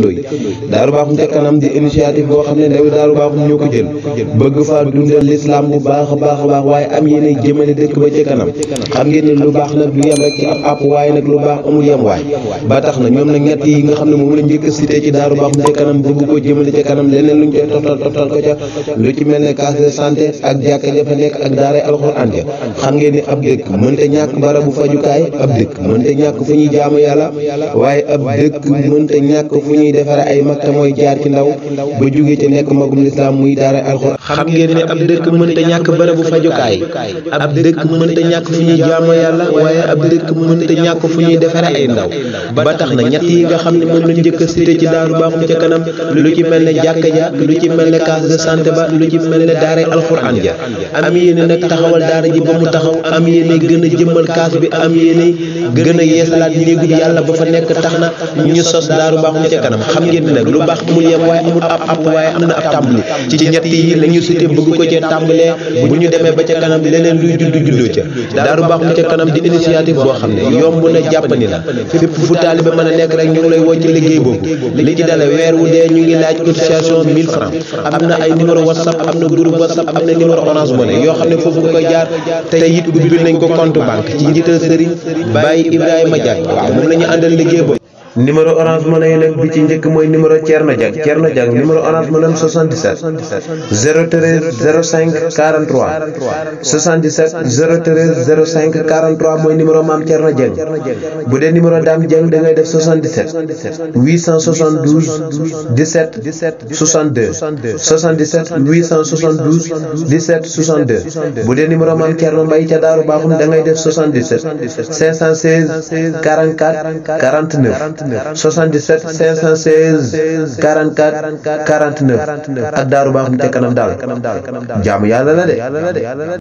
daaru baaxum ca kanam di initiative boo xam ne ndawi daaru baaxum ko jël bëgg faa dundal lislaam bu baax a baax a baax waaye am yéene jëmale dëkk ba ca kanam xam ngeen ne lu baax nag du yem rek ci ab àpp waaye nag lu baax amul yem waay ba tax na ñoom nag ñett yi nga xam ne moom la njëkk cité ci daaru baaxum ca kanam bëgg ko jëmale ca kanam leneen lu ñu ca toftal toftal ko ca lu ci mel ne case de santé ak jàkka ja fa nekk ak daaray alxuraan ja xam ngeen ñuy defare ay mag te mooy jaar ci ndaw ba jóge ci nekk magum lislaam muy daara alxuraan xam ngeen ne ab dëkk mënta ñàkk barabu fajukaay ab dëkk mënta ñàkk fu ñuy jaamoo yàlla waaye ab dëkk mënta ñàkk fu ñuy defare ay ndaw ba tax na ñett yi nga xam ne moom lañ njëkk a cité ci daaru baaxum ca nag taxawal daara ji ba mu taxaw am yéene gën a jëmmal kaas bi am yéene gën a yeesalaat néegub yàlla ba fa nekk tax na ñu sos daaru baaxum ca kanam xam ngeen ne nag lu baax amul yem waaye amul ab ab waaye am na ab tàmbali ci ñett yi la ñu bëgg ko cee tàmbalee bu ñu demee ba ca kanam leneen luy judd juddoo ca daaru baax ca kanam di initiative boo xam ne yomb na jàppandi la fépp fu taalibe mën nekk rek ñu lay woo liggéey boobu li ci dale weer wu dee ñu ngi laaj cotisation am na ay numéro whatsapp am na groupe whatsapp am na numéro orange money yoo xam ne foofu nga koy jaar te it ubbil nañ ko liggéey boobu numéro orange money nag bi ci njëkk mooy numéro Thierno Diak Thierno Diak numéro orange money 77 013 05 43 77 013 05 43 mooy numéro maam Thierno Diak bu dee numéro Dame Diak da ngay def 77 872 17 62 77 872 17 62 bu dee numéro maam Thierno Mbaye ca Daaru Baaxum da ngay def 77 516 44 49 49 77 516 44 49 ak daaru baax mu ca kanam daal jaamu yàlla la de.